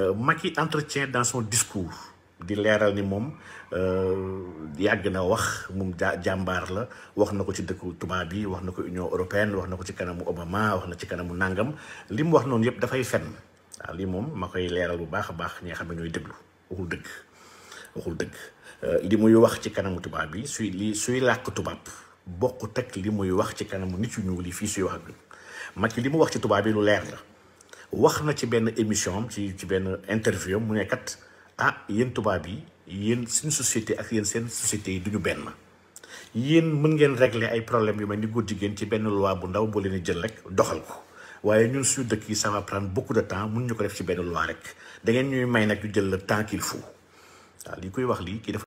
Euh, Macky entretien dans son discours di leeral ni moom euh, yàgg na wax mu ja jàmbaar la wax na ko ci dëkku tubaab yi wax na ko Union européenne wax na ko ci kanamu Obama wax na ci kanamu Nangam li mu wax noonu yëpp dafay fen waaw lii moom ma koy leeral bu baax a baax ñi nga xam ne ñooy déglu waxul dëgg waxul dëgg euh, li muy wax ci kanamu tubaab yi suy li suy làkk tubaab bokkut ak li muy wax ci kanamu nit yu ñuul yi fii suy wax ak Macky li mu wax ci tubaab yi lu leer la. wax na ci benn émission am ci benn interview mu ne kat ah yéen tubaab yi yéen seen société ak yéen seen société yi du ñu benn yéen mën ngeen régler ay problème yu mel ni góor jigéen ci benn loi bu ndaw boo leen jël rek doxal ko waaye ñun suñu dëkk yi ça va prendre beaucoup de temps mun ñu ko def ci benn loi rek da ngeen ñuy may nag ñu jël le temps qu'il faut waaw li koy wax lii kii dafa